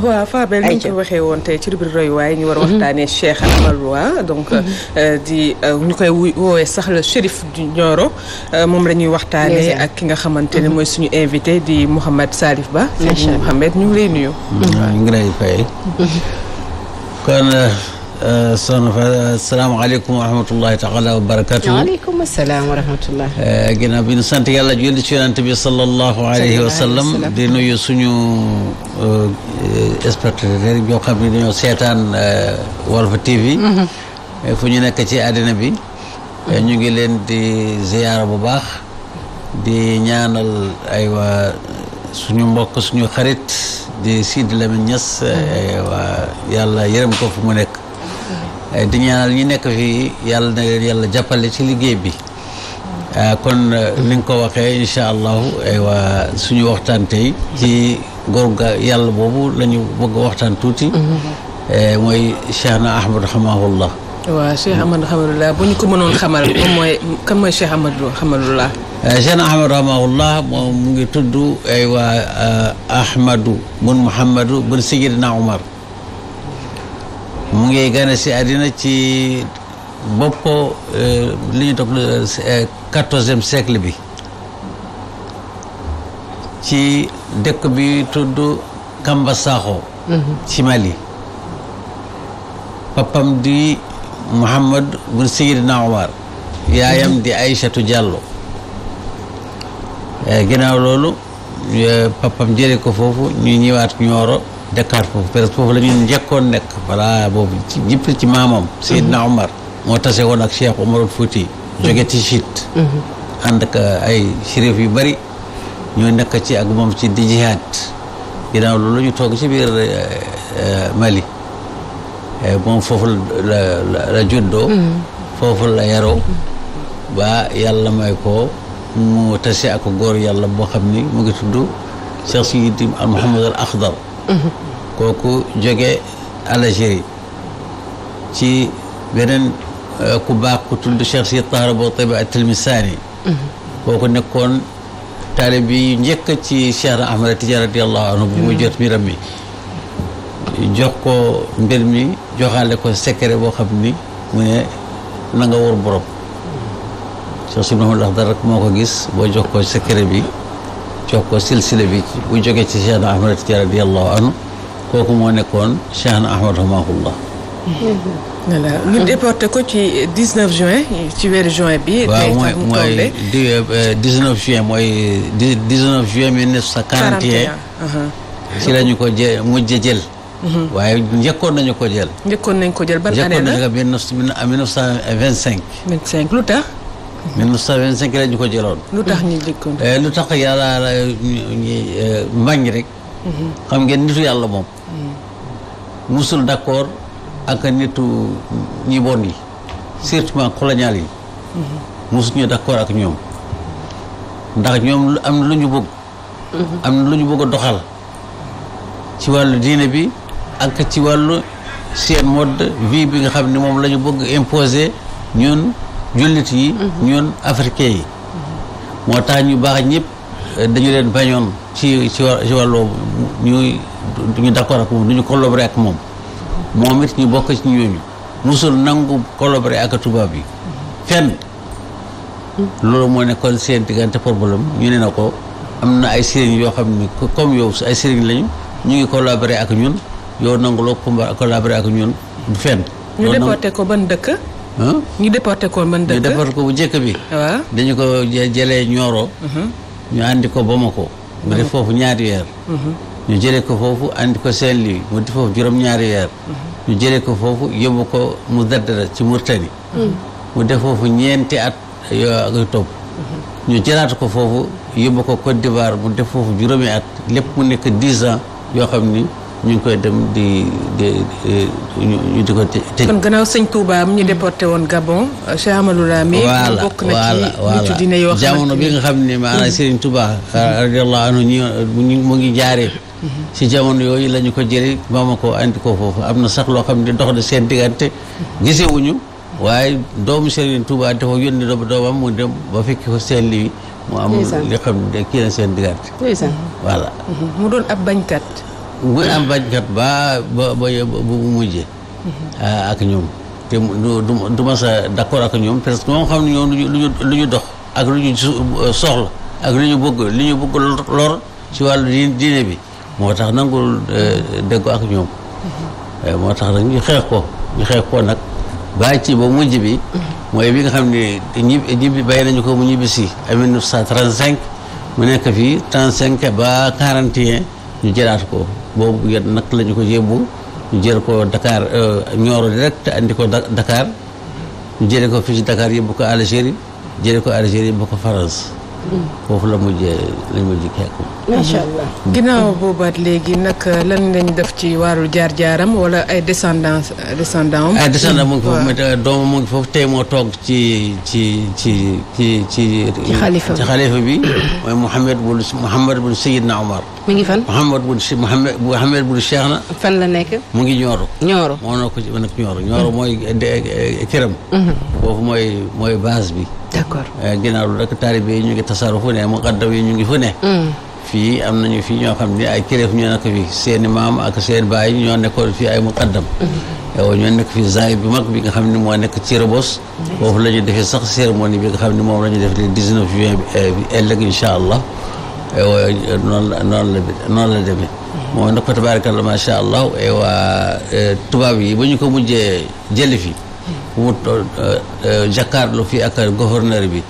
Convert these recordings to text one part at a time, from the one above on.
waa Fabel ni ñu waxee woon te ci rubrique royuwaay ñu war a mhm. waxtaanee Cheikh Amadou ah, donc mhm. euh, di euh, ñu koy woowee sax le shérif du Nioro euh, moom la ñuy waxtaanee ak ki nga xamante ne mhm. mooy suñu invité di Mouhamed Salif Ba Mouhamed ñu ngi lay nuyu waaw ñu ngi lay fay soxna Fatou asalaamaaleykum wa rahmatullahi taala wa barakatuhu. waaleykum salaam wa rahmatullah. Eh, ginnaaw bi ñu sant yàlla julli ci yonent bi sallallahu alayhi wa sallam di nuyu suñu eh, spectateur yi ñoo xam ne dañoo seetaan eh, Walf TV. Mhm. fu ñu nekk ci àddina bi. ñu ngi leen di ziyaara bu baax. di ñaanal ay waa suñu mbokk suñu xarit di Sidi Lamine Niass. waa yàlla yërëm ko fu mu nekk. Eh, di ñaanal nekk fii yàlla na leen yàlla jàppale ci liggéey bi eh, kon eh, ni nga ko waxee incha allahu aywa suñu waxtaan tey ci góor ga yàlla boobu la bëgg waxtaan tuuti mm-hmm. mooy Cheikhna Ahmad xamahullah bu ñu ko mënoon xamal mooy kan mooy Cheikh Ahmad Xamadullah Cheikhna Ahmad mu ngi tudd aywa Ahmadu bun Muhammadu bun Sayidina Umar mu ngi gane si àddina ci bopp eh, li ñu toog eh, quatorzième siècle bi ci dëkk bi tudd Kamba Sakho mhm. ci Mali papam di Mouhamad bun Seydina Omar yaayam di Aïchatou Diallo eh, ginnaaw loolu papam jële ko foofu ñuy ñëwaat Nioro Dakar foofu parce que la ñu njëkkoon nekk voilà boobu ci ñëpp ci maamam Seydina mhm. Omar moo tase woon ak Cheikh Omarul Fouti mhm. jóge ci chit mhm. ànd uh, ay chérif yu bari ñoo nekk ci ak moom ci di jihaad ginnaaw loolu ñu toog ci biir uh, uh, Mali moom foofu la la juddoo foofu la yaroo ba yàlla may ko mu tase ak góor yàlla boo xam ni mu ngi tudd Cheikh Sidi Mouhamad al kooku jóge Algérie ci beneen euh, ku baax ku tudd Cheikh Si Tahar Bouteba at-Tilmisani kooku nekkoon taalib bi njëkk ci Cheikh Ahmad Tidiane radiyallahu anhu bu mu jot mbiram mi jox ko mbir mi joxaale ko secret boo xam ni mu ne na nga wóor borom Cheikh Si Mahamad Axdar rek moo ko gis boo jox ko secret bi jokkoo silsila bi bu jógee ci Cheikh na Ahmad Tijaan radiyallahu anhu kooku moo nekkoon Cheikh na Ahmad rahimahullah voilà ñu déporté ko ci 19 juin ci weeru juin bi. waaw mooy mooy euh, dix neuf juin mooy dix neuf juin mille neuf cent quarante et un uh-huh. ci la ñu ko jë mujj jël. Uh-huh. waaye njëkkoon nañu ko jël. njëkkoon nañu ko jël ban année la njëkkoon nañu ko mille neuf cent vingt cinq. vingt cinq lu tax. 1925 la ñu ko jëloon. lu tax ñu jëkkoon. Eh, lu tax yàlla la ñuy eh, rek. Mhm. xam ngeen nitu yàlla moom. Mhm. musul d'accord ak nitu ñi bon yi surtout colonial yi. Mhm. musul ñu d'accord ak ñoom. ndax ñoom am na lu ñu bëgg. am na lu bëgg doxal. ci wàllu diine bi ak ci wàllu seen mode vie bi nga xam ni moom lañu bëgg imposer ñun. jullit yi ñun africain yi moo tax ñu baax ñëpp eh, dañu leen bañoon ci ci ci wàllu ñuy duñu d'accord ak moom duñu collaborer ak moom moom it ñu bokk ci ñooñu musul nangu collaborer ak tubaab yi fenn loolu moo nekkoon seen diggante problème ñu ne na ko am na ay sëriñ yoo xam ne comme yow ay sëriñ lañu ñu ngi collaborer ak ñun yow nanguloo collaborer ak ñun du fenn ñu déporté ko ban dëkk ñu déporté ko mën dëkk ñu déporté ko bu njëkk bi. waaw dañu ko jëlee Nioro. Mhm. ñu andi ko Bamako. mu def foofu ñaari weer. Mhm. ñu jëlee ko foofu àndi ko Saint-Louis mu def foofu juróom-ñaari weer. Mhm. ñu jëlee ko foofu yóbbu ko mu daddara ci Murtani. mu def foofu ñeenti at yoo ak topp. ñu jëlaat ko foofu yóbbu ko Côte d'Ivoire mu def foofu juróomi at lépp mu nekk dix an yoo xam ni. ñu ngi koy dem di di ñu di ko tëj. kon gannaaw sëñ Touba mu ñu déporté woon Gabon euh, Cheikh Amadou Lamine. voilà bokk na ci nitu diine yoo jamono bi nga xam ne maanaam mm-hmm. Serigne Touba. Euh, radiyallahu anhu ñu mu ngi jaaree. ci mm-hmm. jamono yooyu la ñu ko jëlee moom ko andi ko foofu am na sax loo xam ne dox na seen diggante. Mm-hmm. gisewuñu waaye doomu Serigne Touba dafa yónni doomam mu dem ba fekki ko seen lii. mu am li xam kii na seen diggante. voilà. bu am bañkat ba ba ba bu mujje mhm. ah, ak ñoom te du ma sa d'accord ak ñoom parce que moom xam ne ñoom lu ñu dox ak lu ñu soxla ak lu ñu bëgg li ñu bëgg lor ci wàllu diine bi moo tax nangul eh, dégg ak ñoom mhm. eh, moo tax nag ñu xeex ko ñu xeex ko nag bàyyi ci ba mujj bi mhm. mooy bi nga xam ne ñibbi ñibbi bàyyi nañu ko mu ñibbi si en 1935 mu nekk fii 35 ba 41 ñu jëlaat ko boobu yet nag lañu ñu ko yóbbu ñu jël ko Dakar euh, Nioro direct andi ko Dakar ñu jële ko fii ci Dakar yóbbu ko Algérie jële ko Algérie yóbbu ko France foofu la mujjee lañ mujj keeku. macha allah ginnaaw boobaat léegi nag lan lañ def ci wàllu jaar-jaaram wala ay descendance euh, descendant ay ah, descendant mu ngi foofu mais doomam mu ngi foofu tey moo toog ci ci ci ci ci. ci xalifa bi ci xalifa bi mooy Mouhamed bun Mouhamed bun Seydina Omar. mi ngi fan. Mouhamed bun si Mouhamed Mouhamed bun Cheikh na. fan la nekk. mu ngi Nioro. Nioro moo nekk Nioro Nioro mooy eh, eh, këram. Mhm. foofu mooy mooy base bi. d'accord eh, ginnaaw lu rek taalibe yi ñu ngi tasaaru fu yi ñu ngi fu ne mm. fii am nañu fii ñoo xam ne ay kilif ñoo nekk fii maam ak seen baay ñoo nekkoon fii ay muqaddam mm-hmm. yow ñoo nekk fii zaay bi mag bi nga xam ne moo nekk ci Rebos mm-hmm. foofu la ñu defee sax cérémonie bi nga xam ne moom la ñu def le 19 juin eh, bi ëllëg incha allah yow noonu la noonu la noonu la demee mm-hmm. eh, tubaab yi ba ñu ko wut euh, euh, jàkkaarloo fii ak gouverneur bi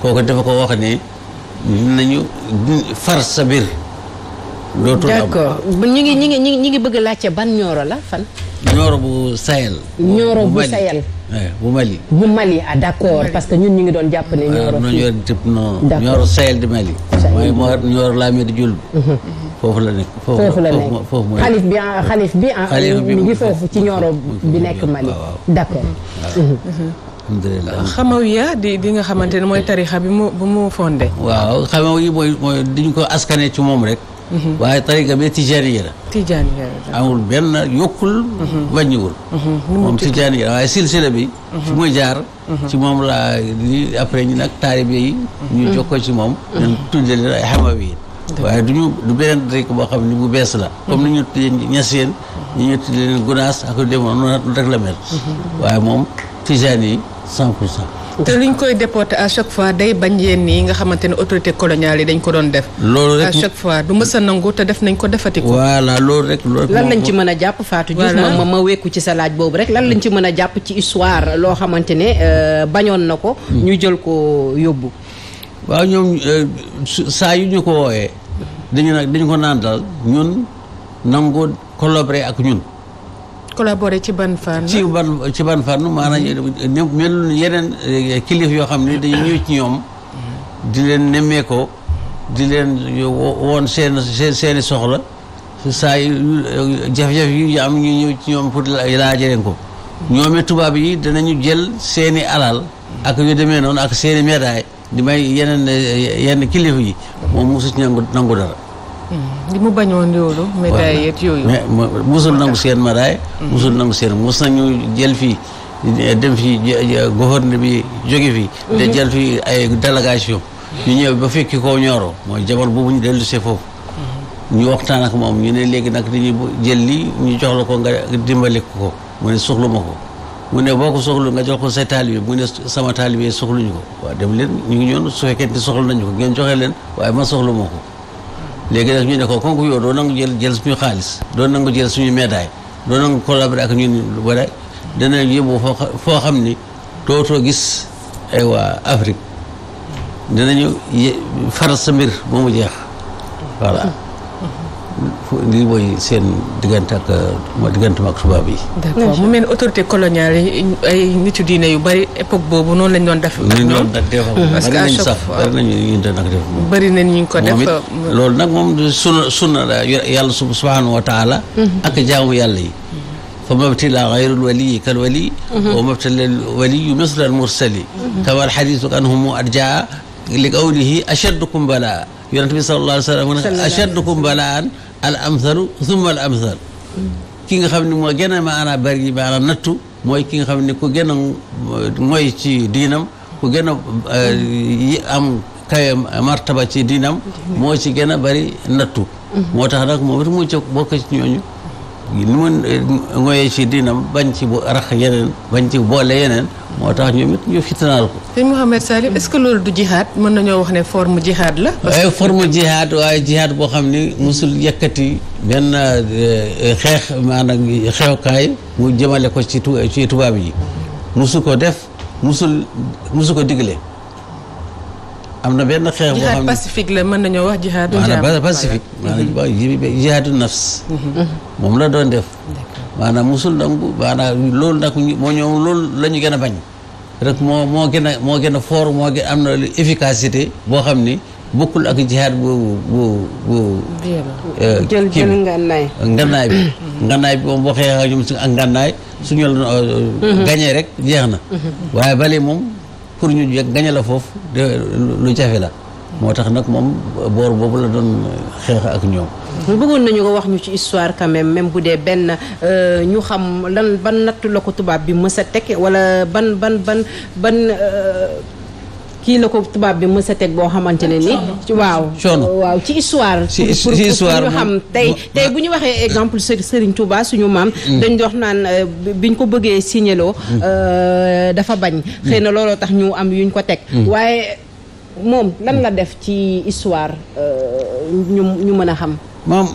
kooku dafa ko wax ne dinañu far sa biir. dootul am d'accord ñu ngi ñu ngi ñu ngi bëgg a laajte ban ñooro la fan. ñooro bu Sahel. ñooro bu Sahel Eh, bu Mali. bu Mali ah d'accord parce que ñun ñu ngi doon jàpp ne. Nioro ah, fii Nioro type non. Nioro Sahel du la mer foofu la nekk foofu la nekk foofu mooy. xalif bi ah xalif bi ah. mi ngi foofu ci bi nekk Mali d'accord. Mhm. alhamdulilah xamawiya di di xamante ne mooy tarixa bi mu bu mu waaw xamaw yi mooy mooy diñ ko askane ci moom rek. Mm-hmm. waaye tariqa bi tijaaniya la. tijaaniya la amul benn yokkul. Mm-hmm. wàññiwul. Mm-hmm. moom tijaaniya la waaye silsila bi. fi ma jaar. ci moom laa li après ñu nag taalibe yi. ñu jokkoo ci moom. ñu tuddee leen ay xamawi yi. waaye du ñu du beneen tariqa boo xam bu bees la. comme ni ñu tuddee ñaseen. ñu ñu tuddee leen gunaas ak lu demoon noonu rek la mel. waaye moom tijaan yi cent pour te liñ koy déporté à chaque fois day bañ yenn yi nga xamante ne autorité coloniale yi dañ ko doon def. loolu rek à chaque fois du mës a nangu te def nañ ko defati ko. voilà loolu rek loolu. lan lañ ci mën a jàpp faatu Diouf. voilà ma ma wekku ci sa laaj boobu rek lan lañ ci mën a jàpp ci histoire loo xamante ne euh, bañoon na ko. ñu jël ko yóbbu. waaw ñoom euh, saa yu ñu ko woowee dañu nag dañu ko naan daal ñun nangoo collaborer ak ñun. collaborer ci ban fànn. ci ban ci fànn maanaam ñoom yeneen eh, kilif yoo xam ne dañu ñëw ci ñoom. di leen nemmeekoo di leen woon seen seen seen i soxla saa yu jafe-jafe yu am ñu ñëw ci ñoom pour laajee leen ko. ñoom tubaab yi danañu jël seeni alal. ak yu demee noonu ak seen i médaille di may yeneen eh, yenn kilifa yi. moom mosu ci nangu nangu dara. li mu bañoon loolu. médailles yeeg yooyu. mais musul nangu seen médaille. Mm. musul nangu seen mus nañu jël fi dem fii gouverneur bi jóge fi da mm-hmm. jël fii ay délégation. ñu ñëw ba fekki ko ñooro mooy jabar boobu ñu dellu see foofu. Mm-hmm. ñu waxtaan ak moom ñu ne léegi nag dañuy jël li ñu jox la ko nga dimbali ko mu ne soxla ma ko. mu ne boo ko soxlu nga jox ko say taalibe mu ne sama taalibe soxluñu ko waaw dem leen ñu ngi ñoon su fekkee ne nañu ko ngeen joxe leen waaye ma soxla moo léegi nag ñu ne ko kooku yow doo nangu jël jël suñu xaalis doo nangu jël suñu médaille doo nangu collaborer ak ñun lu bare dana yóbbu foo foo xam ni dootoo gis ay waa Afrique dinañu faral sa mbir ba mu jeex voilà lii mooy seen diggante ak diggante ak tubaab yi. d'accord mu mel ni autorité coloniale yi ay nitu diine yu bari époque boobu noonu lañ doon def. ñu doon def parce que à chaque fois bari nañu ñu doon def. bari nañ ñu ko def euh, loolu nag moom sunna sunna la yàlla subhaanahu wa taala. Mhm. ak jaamu yàlla yi. fa mabtila gayrul waliyi kal wali. Mhm. wa mabtila waliyu misla al mursali. Mhm. kama al xadiisu anhumu arjaa li qawlihi ashaddukum balaa yonent bi sallallahu alayhi wa sallam mu ne ashaddukum balaan al amsalu thumma al ki nga xam ni moo gën a maanaam bari maanaam nattu mooy ki nga xam ne ku gën a mooy ci diinam ku gën a eh, am kawe martaba ci diinam moo ci gën a bari nattu mm-hmm. moo tax nag moom it mu bokk ci ñooñu li ma ngoyee ci diinam bañ ci bu rax yeneen bañ ci boole yeneen moo tax ñoom it ñu fitnaal ko. sëñ Mouhamed Salif est-ce que loolu du jihaad mën nañoo wax ne forme jihaad la. waaye forme jihaad waaye jihaad boo xam ni musul yëkkati benn eh, xeex maanaam xewkaay mu jëmale ko ci tu ci tubaab yi musu ko def musul musu ko digle. am na benn xeex boo xam ne jihaad pacifique la mën nañoo wax jihaadu mhm. nafs mhm. moom la doon def maanaam musul nangu naa loolu nag moo ñoom loolu la ñu gën a bañ rek moo moo gën a moo gën a fort moo am na efficacité boo xam ni bokkul ak jihaad bu bu bu euh, jël jël ngannaay ngannaay bi mhm. ngannaay bi moom boo xeexee ñoom si ak ngannaay suñu la euh, gañee rek jeex na waaye bale moom pour ñu jeg gañe la foofu lu jafe la moo tax nag moom boor boobu la doon xeex ak ñoom bëggoon nañu ko wax ñu ci histoire quand même bu dee benn euh, ñu xam lan ban nattu la ko tubaab bi mës a teg wala ban ban ban ban euh, kii la ko tubaab bi mës a teg boo xamante ne ni. waaw waaw ci histoire. ci histoire pour ñu xam tey bu ñu waxee exemple Serigne Touba suñu maam. Mm. dañ dox naan euh, biñ ko bëggee signaloo. Mm. Euh, dafa bañ. Mm. xëy na looloo tax ñu am yuñ ko teg. waaye moom lan la def ci histoire euh, ñu ñu mën a xam. moom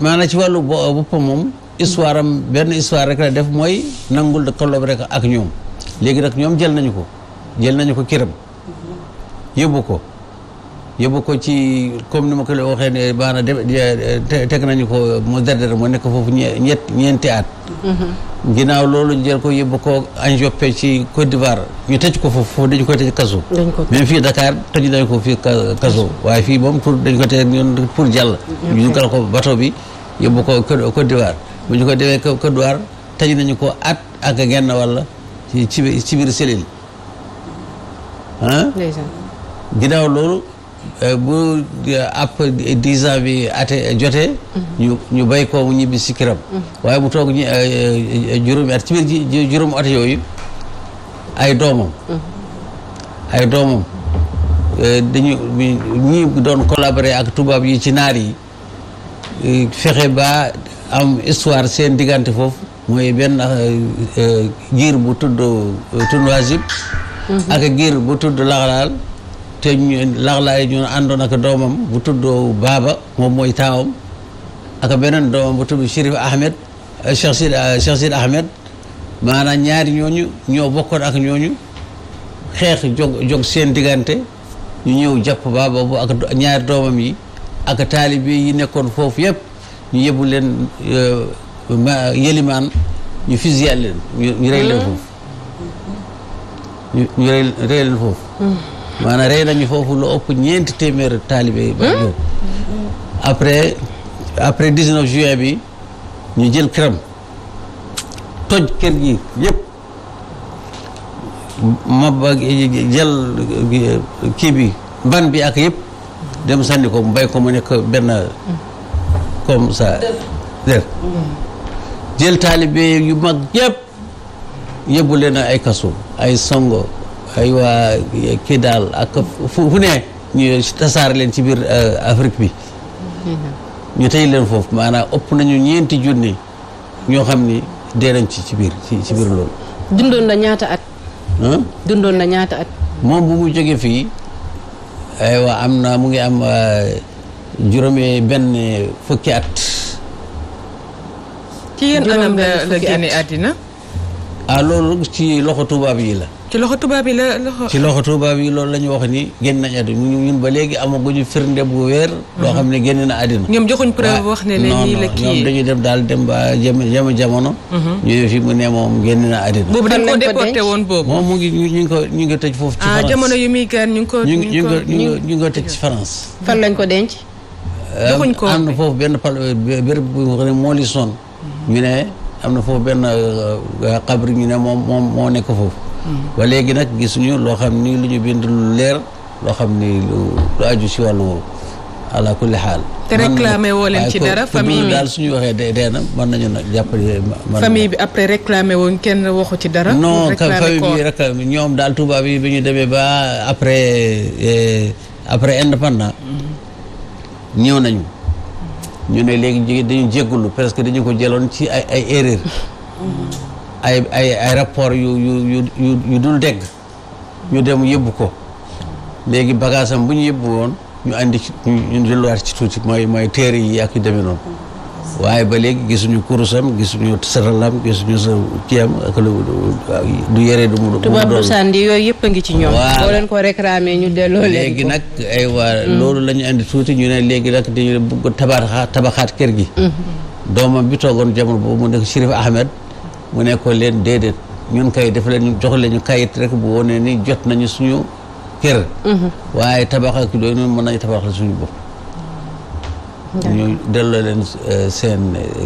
maanaam ci wàllu boppam moom. histoire am benn histoire rek la def mooy nangul de collab rek ak ñoom léegi nag ñoom jël nañu ko jël nañu ko kiram yóbbu ko yóbbu ko ci comme ni ma ko la waxee ne de teg nañu ko mu derdere mu nekk foofu ñett ñeenti at mm-hmm. ginnaaw loolu jël ko yóbbu ko Anjoppe ci Côte d'Ivoire ñu tëj ko foofu foofu dañu koy kaso fii Dakar tëj nañu ko fii kaso waaye fii moom pour dañ ko tëj ñun pour jàll mm-hmm. ñu dugal ko bateau bi yóbbu ko Côte d'Ivoire bu ñu ko demee Côte d'Ivoire tëj nañu ko at ak genn walla ci ci biir selil ginnaaw loolu euh, bu euh, après dix bi ate jotee mhm. ñu bay ko mu ñibbi si këram mhm. waaye bu toog ñu euh, juróomi at ci biir yooyu ay doomam mhm. ay doomam dañu ñi doon collaborer ak tubaab yi ci naar yi fexe ba am histoire seen diggante foofu mooy benn giir bu tudd Tunwaasib ak giir bu tudd Laxlaal te ñu laay ñu àndoon ak doomam bu tuddoo baaba moom mooy taawam ak beneen doomam bu tudd Chérif Ahmed eh, Cheikh Sid eh, Cheikh Ahmed maanaam ñaari ñooñu ñoo bokkoon ak ñooñu xeex jog seen diggante ñu ñëw jàpp baaba bu ak ñaari doomam yi ak taalibe yi nekkoon foofu yëpp ñu yëbbu leen eh, yëlimaan ñu fusillé leen ñu mm-hmm. rey leen foofu mm. maanaam rey nañu foofu lu ëpp ñeenti téeméer taalibe ba hmm? ñëw après après 19 bi ñu jël këram toj kër gi yëpp mab ak jël kii bi ban bi ak yépp dem sànni ko mu bay ko mu nekk benn comme ça dër jël taalibe yu mag yëpp leen ay kasu ay songo ay waa kii daal ak fu ne ñu tasaare leen ci biir euh, Afrique bi mm-hmm. ñu tey leen foofu maanaam ëpp nañu ñeenti junni ñoo xam ni dee nañ ci ci biir ci biir loolu dundoon na ñaata at dundoon na ñaata at moom bu mu jógee fii aywa am na mu ngi am euh, juróomi benn fukki at ci yéen anam la génne àddina ah, loolu ci loxo tubaab yi la ci loxo tubaab yi la loxo. ci loxo tubaab yi loolu la ñu wax ni génn nañ àddina ñun ba léegi amaguñu firnde bu wéer. loo xam ne génn na àddina. ñoom joxuñ preuve ah, wax ne la ñii la kii dem ba jamono. Mhm. ñu ne fi mu ne moom génn na àddina. boobu dañ woon boobu. ngi ko ñu ngi ko tëj foofu. ci ah, France ah jamono ko. ñu ngi ko ñu ngi fan lañ ko denc. joxuñ ko am na benn pal bu wax ne moo li mhm. ne am na foofu benn euh, xabri ñu ne moom moom moo nekk foofu ba léegi nag gisuñu loo xam ni lu ñu bind lu leer loo xam ni lu lu aju si wàllu woowu ala kulli xaal. te réclamé woo leen ci dara famille bi daal suñu waxee dee dee na mën nañu jàppale. famille bi après réclamé woon kenn waxu ci dara. non famille bi réclamé ñoom daal tubaab yi bi ñu demee ba après eh, après indépendant. ñëw nañu. Mm-hmm. ñu ne léegi dañu jéggulu parce que dañu ko jëloon ci ay ay erreur. Mm-hmm. ay ay rapport yu yu yu yu yu dul dégg ñu dem yëbbu ko léegi bagage bu ñu yëbbu woon ñu andi ci ñu delluwaat ci tuuti mooy mooy téere yi ak yu demee noonu waaye ba léegi gisuñu kurusam gisuñu saralam gisuñu sa ciyam ak lu du yére du mu tubaab du sàndi yooyu yëpp a ngi ci ñoom boo leen ko réclamé ñu delloo léegi nag ay waa hmm. loolu la ñu andi tuuti ñu ne léegi nag di dañu bëgg tabaxaat tabaxaat kër gi hmm. doomam bi toogoon jamono boobu mu nekk Chérif Ahmed mu ne ko leen déedéet ñun kay dafa leen jox leen kayit rek bu wone ni jot nañu suñu kër. Mhm. waaye tabax ak yooyu noonu mën nañu tabax suñu bopp. ñu delloo leen euh, seen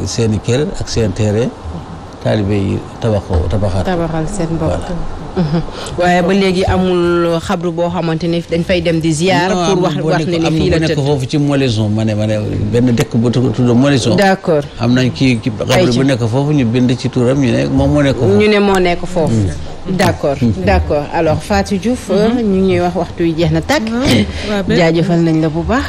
seen i kër ak seen terrain. Mhm. taalibe yi tabaxoo tabaxal seen bopp. Mm-hmm. waaye ba léegi amul xabru boo xamante ni dañ fay dem di ziar. pour wax wax ne fii la tëdd foofu ci Moléson ma ne ma ne benn dëkk bu tudd Moléson. d'accord am nañ kii xabru bu nekk foofu ñu bind ci turam ñu ne moom moo nekk foofu. ñu ne moo nekk foofu. Mm. d'accord mm. d'accord alors Fatou Diouf. Mm-hmm. ñu ngi ñuy wax waxtu yi jeex na tàkk. Mm-hmm. jaajëfal nañ la bu baax.